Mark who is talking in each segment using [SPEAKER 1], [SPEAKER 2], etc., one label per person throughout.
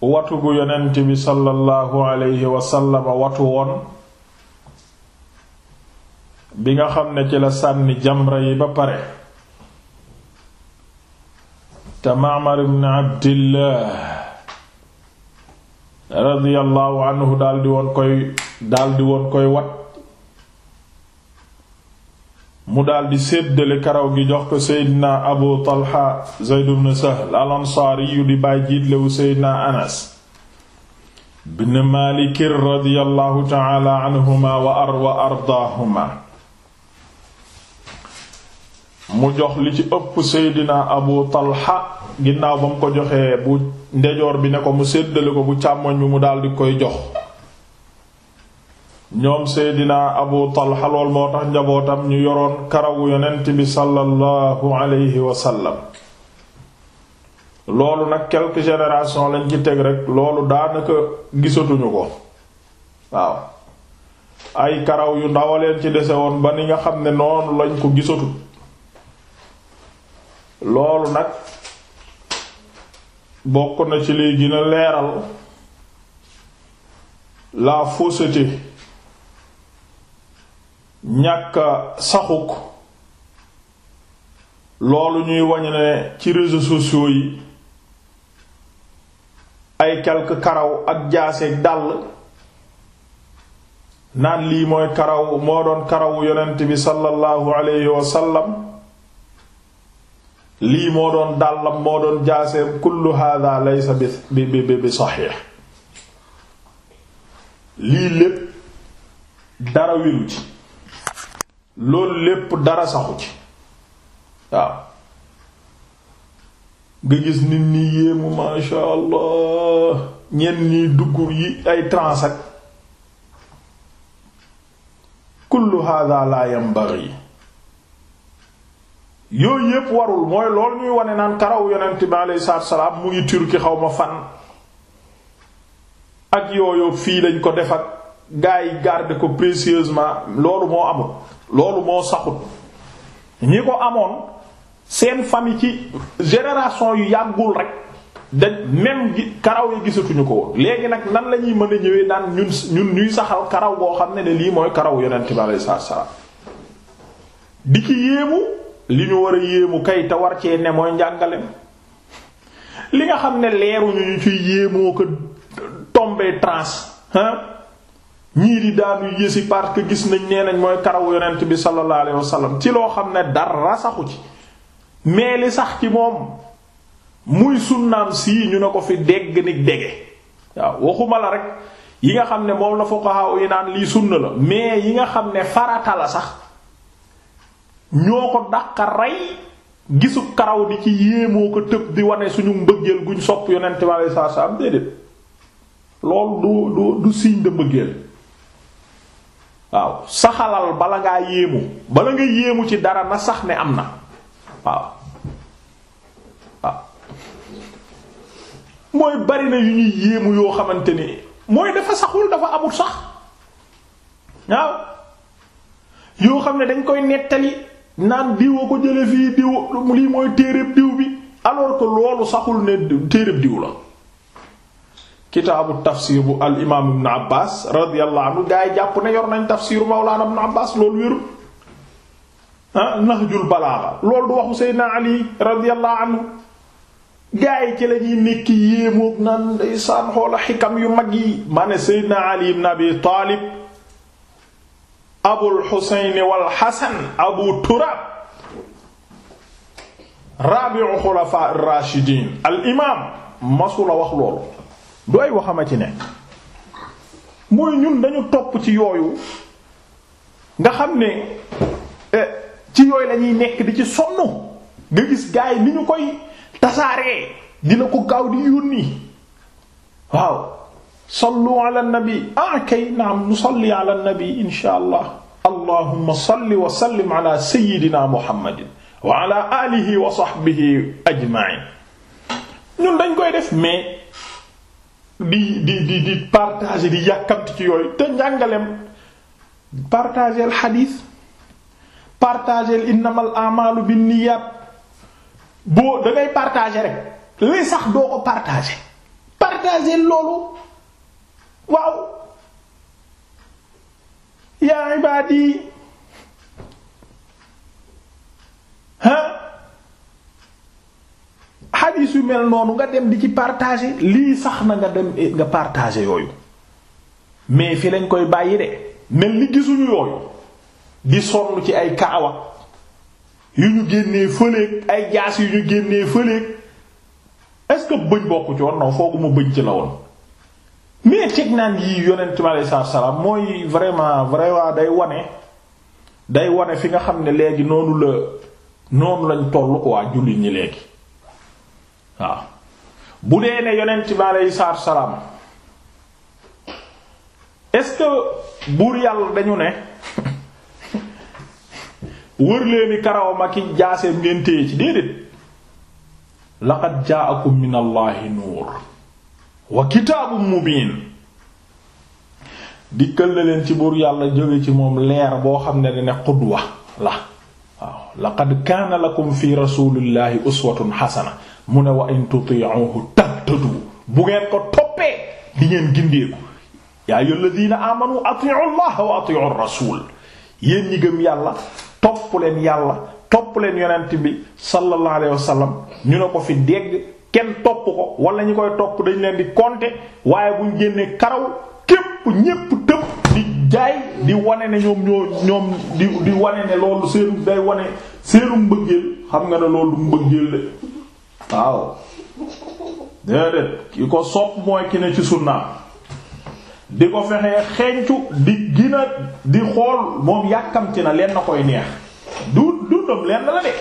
[SPEAKER 1] watu gu yonent bi sallallahu alayhi wasallam watu woon bi nga xam ne ci la sànni jamra yi ba pare te Ma'mar ibn Abdillah radiyallahu anhu daldi woon koy daldi woon koy wat mu daldi séddale karaw gi jox ko seydina abu talha zayd ibn sahl al ansaari yu di bàyy jiitlewu seydina anas ibn maalik radiyallahu taala wa ar wa ardaahuma mu jox li ci ëpp seydina abu talha ginnaaw ba mu ko joxee bu ndejoor bi ne ko mu séddale ko bu càmmoñ bi mu daldi koy jox ñoom seydina abu talha lool moo tax njabootam ñu yoroon karawu yonent bi sallallahu alayhi wa sallam loolu nag kelk générations lañ ci teg rek loolu daanaka gisatuñu ko waaw ay karaw yu ndawaleen ci dese woon ba ni nga xam ne noonu lañ ko gisatu loolu nag bokk na ci liy gën leeral la fausseté ñàkk saxuk loolu ñuy wañ ne ci réseaux sociaux yi ay quelque karaw ak jaaseeg dàll naan lii mooy karaw moo doon karawu yonent bi sallallahu alayhi wa lii moo doon dàllam moo doon jaaseem kullu hada laysa bi bi bi saxiix lii lépp dara wiru ci loolu lépp dara saxu ci waaw nga gis nit ñi yéemu masha allah ñenn ñi dugg yi ay trans ak kullu hada la yooyu yépp warul mooy lool ñuy wane naan karaw yonent bi alayhi salaatu salaam mu ngi turki xaw ma fan ak yooyu fii lañ ko def ak gaa yi garder ko précieusement loolu moo amul loolu moo saxut ñi ko amoon seen famille ci génération yu yàggul rek da gi karaw yi gisatuñu ko woon léegi nag nan la ñuy mën a ñëwee naan ñun ñun ñuy saxal karaw boo xam ne ne lii mooy karaw yonent bi alayhi salaam bi ci yéemu li ñu war a yéemu kay te war cee ne mooy njàngaleem li nga xam ne leeru ñu ci yéemoo ko tombé trans hein ñii di daanu yësi parce que gis nañ nee nañ mooy karawu yonent bi sallallahu alayhi wasallam ci loo xam ne dara saxu ci mais li sax ci moom muy sunnaam sii ñu ne ko fi dégg ni dege waaw waxuma la rek yi nga xam ne moom la fuqaha yi naan lii sunna la mais yi nga xam ne farata la sax ñoo ko dàqa rey gisu karaw di ci yéemoo ko tëb di wane suñu mbëggeel guñ sopp yonent bi sallallahu alayhi wasallam déedéet loolu du du du signe de waaw saxalal bala ngaa yéemu bala nga yéemu ci dara na sax ne am na waaw mooy bari na yu ñuy yéemu yoo xamante ne mooy dafa saxul dafa amul sax waaw yoo xam ne dañ koy nettali naan diw ko jële fii diw lii mooy téereeb diw bi alors ko loolu saxul ne téereeb diw la kitaabu tafsir bu al imaam ibn Abbas radiyallahu anhu gaa yi jàpp ne yor nañ tafsiru Mawlana ibn Abbas loolu wérul ah Nahjul Balaaga du waxu Seydina Ali radiyallahu anhu gaa yi ci la ñuy nekk yéemoog naan ndeysaan xoola xikam yu mag yi. ma ne Seydina Ali ibn Abi Taalib Abul Xuseyn wal Xasan Abu Turaab raabi'u xulafaa ar-raashidiin al masula wax loolu. du ay waxama ci ne mooy ñun dañu topp ci yooyu nga xam ne eh, ci yooyu lañuy nekk di ci sonn nga gis gaay yi ñu koy tasaaree dina ko gaaw di yónni waaw sallu ala nabi ah kay naam nusalli ala nabi insha allah allahumma salli wa sallim ala sayyidina muhammadin wa ala alihi wa sahbihi ajma'in ñun dañ koy def mais di di di di partager di yàkkamti ci yooyu te njàngaleem partageel xadiis partageel innamal amalu binniyat boo da ngay rek li sax doo ko partager partageel loolu waaw yaa ibaadi yu mel noonu nga dem di ci partager lii sax na nga dem eh, nga partager yooyu mais fi lañ koy bàyyi de mel ni gisuñu yooyu ci ay kaawa yu ñu génnee ay jaas yu ñu génnee fëleeg est-ce que bëñ bokku ci woon non foogu mais teg naan yi yonent mi aleyhi salaatu mooy vraiment vraiment day wane day wane fi nga xam ne léegi noonu la noonu lañ toll quoi jullit ñi léegi waaw bu dee ne yonent bi aleyhi salaatu salaam est-ce buur yàlla dañu ne wër leeni karawam ak jaaseem ngeen téye ci déedéet laqad ja'akum min allahi nuur wa kitaabun mubiin dikkal na leen ci buur yàlla jóge ci moom leer boo xam ne dane qudwa la waaw laqad kaana lakum fi rasulillahi uswatun xasana mu ne wa in tuti'uhu tahtadu bu ngeen ko toppee di ngeen gindeeku yaa ayyuhal ladina amanu ati'u allaha wa ati'u rasul yéen ñi gëm yàlla topp leen yàlla topp leen yonent bi sallallahu alayhi wasallam ñu ne ko fi dégg kenn topp ko wala ñu koy topp dañ leen di compter waaye buñ génnee karaw képp ñépp tëb di jaay di wane ne ñoom ñoom di di wane ne loolu seenu day wane seenu mbëggeel xam nga ne loolu mbëggeel la waaw déedéet ki ko sopp mooy ki ne ci sunnaam di ko fexee xencu di gina di xool moom yàkkamti na leen na koy neex du dundam leen la de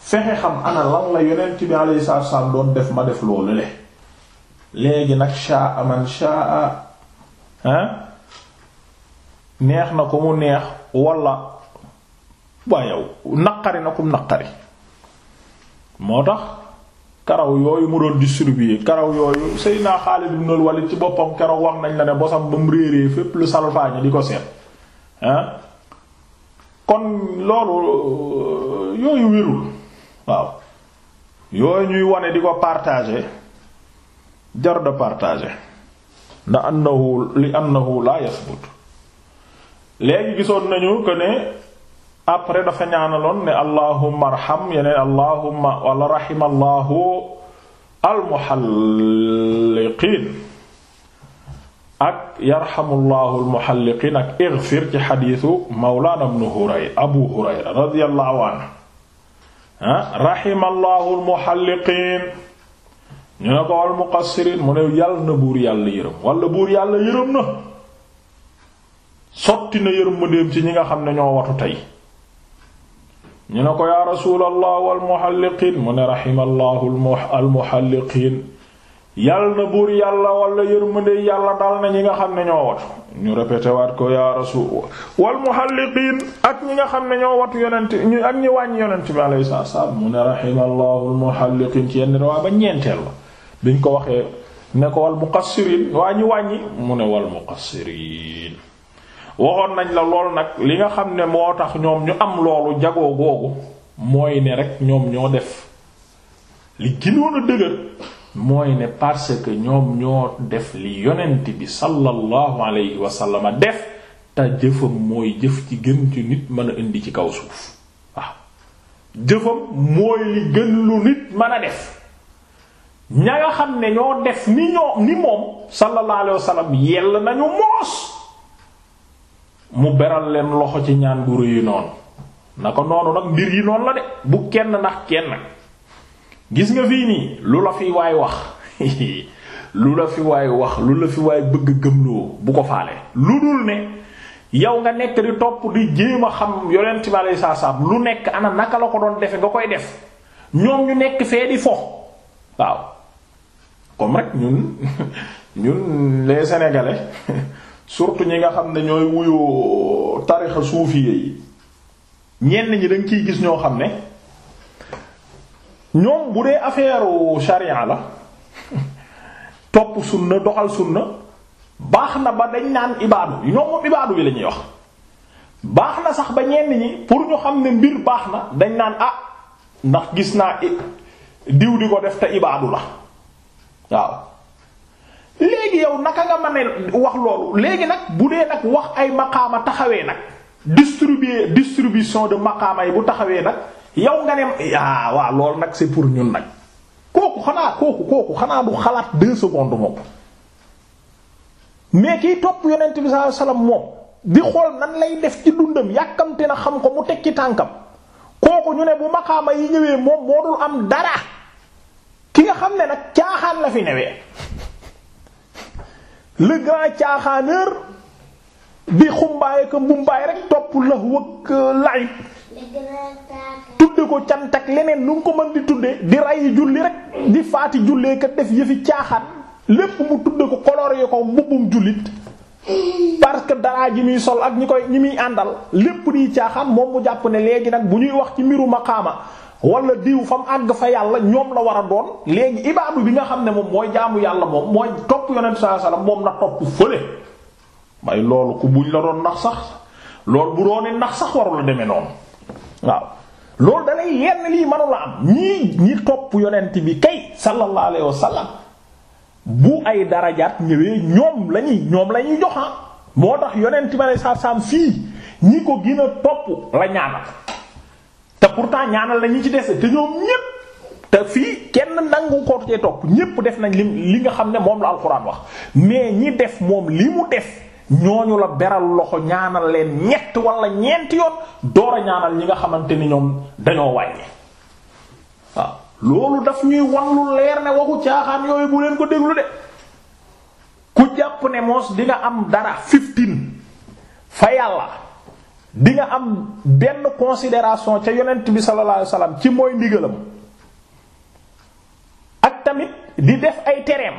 [SPEAKER 1] fexe xam ana lan la yonent bi alayhi salaatu wasallam doon def ma def loolu le léegi nag shaa man shaa ah neex na ko mu neex wala waaye naqari na ko mu naqari moo tax karaw yooyu mu doon distribuer karaw yooyu Seydina Xaalid ibn Walid ci boppam keroog wax nañ la ne bosam ba mu réeree fépp lu salfaañe di ko seet ah kon loolu euh, yooyu wérul waaw yooyu ñuy wone di ko partager jar de am ndax annahu li annahu la yasbut léegi gisoon nañu ko ne après dafa ñaanaloon ne allahumma arham yeneen allahumma wala rahimallahu almuhalliqiin ak yarhamullahu almuhalliqiin ak igfir ci xadiisu mawlaana ibnu hurayra abu hurayra radiyallahu anhu rahimallahu almuhalliqiin ñu ne ko almuqassiriin ne yàlla na buur yàlla yërëm wala buur yàlla yërëm na sotti na yërëm ma dem ci ñi nga xam ne ñoo watu tey ñu ne ko yaa rasuulallah wal muhalliqiin mu ne raximallahu al muhalliqiin yal na buur yàlla wala yërmande yàlla dal na ñi nga xam ne ñoo watu ñu répété waat ko yaa rasuul wal muhalliqiin ak ñi nga xam ne ñoo watu yonent ñu ak ñi wàññi yonent bi alayhi salaatu salaam mu ne raximallahu al muhalliqiin ci yenn riwaaya ba ñeenteel la biñ ko waxee ne ko wal muqassiriin waa ñi wàññi mu ne wal muqassiriin waxoon nañ la lool nag li nga xam ne moo tax ñoom ñu am loolu jagoo googu mooy ne rek ñoom ñoo def li gënoon a dëgër mooy ne parce que ñoom ñoo def li yonent bi sallallahu alayhi wa sallam def te jëfam mooy jëf ci gën ci nit mën a indi ci kaw suuf waaw jëfam mooy li gën lu nit mën a def ña nga xam ne ñoo def ni ñoo ni moom sallallahu alayhi wa sallam nañu moos mu beral leen loxo ci ñaan gu rëy noonu na ko noonu nag mbir yi noonu la de bu kenn ndax kenn gis nga fii nii lu la fi waay wax lu la fi waay wax la fi waay bëgg gëmloo bu ko faale lu dul ne yow nga nekk di topp di jéem a xam yonent bi alei saa salam lu nekk ana naka la ko doon defe nga koy def ñoom ñu nekk fee di fo waaw comme rek ñun ñun les sénégalais surtout ñi nga xam ne ñooy wuyu tarixa suuf yi ñenn ñi dañ kiy gis ñoo xam ne ñoom bu dee affaire charia la topp sunna doxal sunna baax na ba dañ naan ibaadu ñoom moom ibaadu bi la wax baax na sax ba ñenn ñi pour ñu xam ne mbir baax na dañ naan ah ndax gis naa diw di ko def te ibaadu la waaw léegi yow naka nga mën a wax loolu léegi nag bu dee nag wax ay maqaama taxawee nag distribu distribution de maqaama yi bu taxawee nag yow nga ne ah waaw loolu nag c'est pour ñun nag kooku xanaa kooku kooku xanaa du xalaat deux secondes moom mais kiy topp yonent bi sallallahu alayhi wasallam moom di xool nan lay def ci dundam yàkkamte na xam ko mu teg ci tànkam kooku ñu ne bu maqaama yi ñëwee moom moo dul am dara ki nga xam ne nag caaxaan la fi newee. le grand caaxaaneur bi xumbaay ak mbumbaay rek topp lax wëkk laay ko cant ak leneen nu ngi ko mën di tudde di rayi julli rek di faati jullee ka def yëfi caaxaan lépp mu tudde ko coloré ko mbubbum jullit parce que dara ji muy sol ak ñi koy ñi muy àndal lépp di caaxaan moom mu jàpp ne léegi nag bu ñuy wax ci mbiru maqaama wala diw fam àgg fa yàlla ñoom la war a doon léegi ibaadu bi nga xam ne moom mooy jaamu yàlla moom mooy topp yonent sallallahu alayhi moom na topp fële may loolu ku buñ la sax loolu bu doonee nax demee noonu waaw loolu dalay yenn lii manu am ñii ñi topp yonent bi kay sallallahu alayhi wasallam bu ay darajaat ñëwee ñoom lañuy ñoom lañuy joxa ah. moo tax yonent bi alayhi salaam fii ñi ko gën topp la ñaanal te pourtant ñaanal na ñi ci dese te ñoom ñépp te fii kenn nangu ko cee topp ñépp def nañ li li nga xam ne moom la alxuraan wax mais ñi def moom li mu def ñooñu la beral loxo ñaanal leen ñett wala ñeenti yoon door a ñaanal ñi nga xamante ni ñoom dañoo wàññi waaw loolu daf ñuy wan leer ne waxu caaxaan yooyu bu leen ko déglu de ku jàpp ne moos di am dara fifteen fa yàlla. di nga am benn consideration ca yonent bi sallallahu alayhi ci mooy ndigalam ak tamit di def ay tereem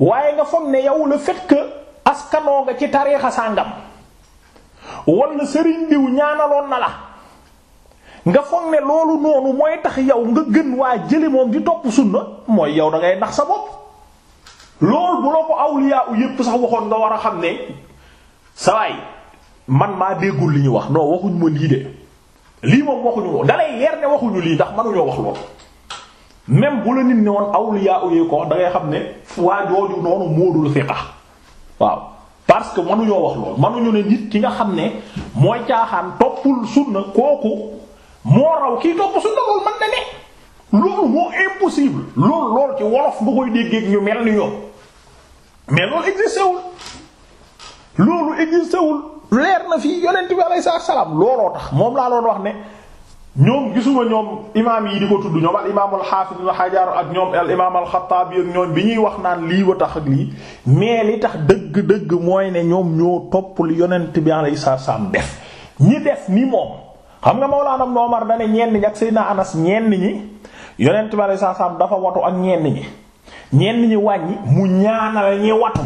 [SPEAKER 1] waaye nga foog ne yow la fait que askanoo nga ci tariixa sàngam wala sëriñ diw ñaanaloon na la nga foog ne loolu noonu mooy tax yow nga gën waa jëli moom di topp sunna mooy yow da ngay nax sa bopp loolu bu la ko awliya u yépp sax waxoon nga war a xam ne sawaay man maa déggul li ñu wax non waxuñ ma lii de lii moom waxuñu da lay leer ne waxuñu lii ndax mënuñoo wax lool même bu la nit ne woon awliya uyu ko da ngay xam ne waa jooju noonu moodul fiqa waaw parce que mënuñoo wax lool mënuñu ne nit ki nga xam ne mooy caaxaan toppul sunna kooku moo raw kii topp sunna loolu man na ne loolu moo impossible loolu loolu ci wolof bu koy déggee ñu mel ni ñoom mais loolu existé wul loolu existé wul leer na fii yonent bi alayhi salaam looloo tax moom laa doon wax ne ñoom gisuma ñoom imaam yi di ko tudd ñoom al imaam al xaafis ibn Hajar ak ñoom al imaam al Xattaabi ak ñoom bi ñuy wax naan lii wa tax ak lii mais li tax dëgg-dëgg mooy ne ñoom ñoo topp li yonent bi alayhi salaam def ñi def ni moom xam nga Mawlaana Umar da ne ñenn ñi ak Seydina Anas ñenn ñi yonent bi alayhi salaam dafa watu ak ñenn ñi ñenn ñi wàññi mu ñaanal ñi watu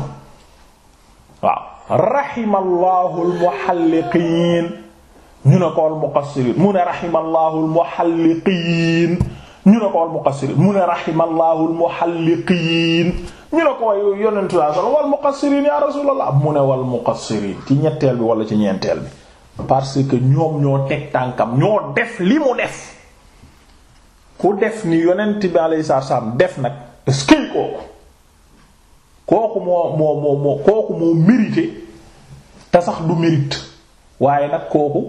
[SPEAKER 1] waaw. rahimallahu almuhalliqiin ñu ne ko almuqassiriin mu ne rahimallahu almuhalliqiin ñu ne ko almuqassiriin mu ne rahimallahu almuhalliqiin ñu ne ko yonentu Yàlla walmuqassiriin ya rasulallah mu ne walmuqassiriin ci ñetteel bi wala ci ñeenteel bi parce que ñoom ñoo teg tànkam ñoo def li mu def ku def ni yonent bi alayhi salaam def nag est-ce kooku moo moo moo kooku moo mérité te sax du mérite waaye nag kooku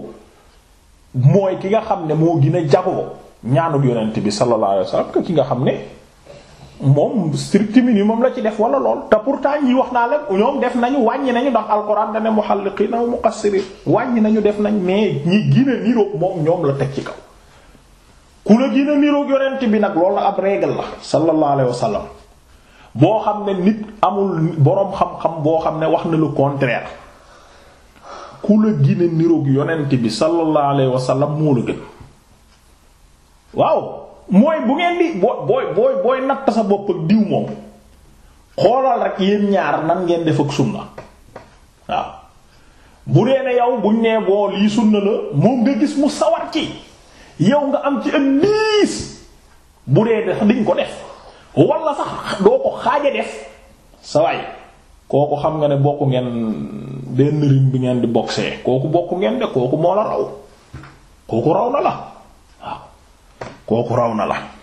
[SPEAKER 1] mooy ki nga xam ne moo gën a jagoo ñaanuk yonent bi sallallahu alayhi wasallam que ki nga xam ne moom strict moom la ci def wala lool te pour pourtant ñi wax naa la ñoom def nañu wàññi nañu ndax alxuraan dane muhalliqiina wa muqassiriin wàññi nañu def nañ mais ñi gën a niroog moom ñoom la teg ci kaw ku la gën a niroog bi nag loolu la ab régal la sallallahu alayhi boo xam ne nit amul boroom xam-xam boo xam ne wax na lu contraire ku la gine niroog yonent bi sallallahu alayhi wa sallam moo la gën waaw mooy bu ngeen di boo booy booy natt sa bopp ak diw moom xoolal rek yéen ñaar nan ngeen def ak sunna waaw bu dee ne yow buñ nee boo lii sunna la moom nga gis mu sawar ci yow nga am ci ëpp diis bu dee de diñ ko def. wala sax doo ko xaaja def sa waay kooku xam nga ne bokk ngeen benn rim bi ngeen di boxee kooku bokk ngeen de kooku moo la raw kooku raw na la waaw kooku raw na la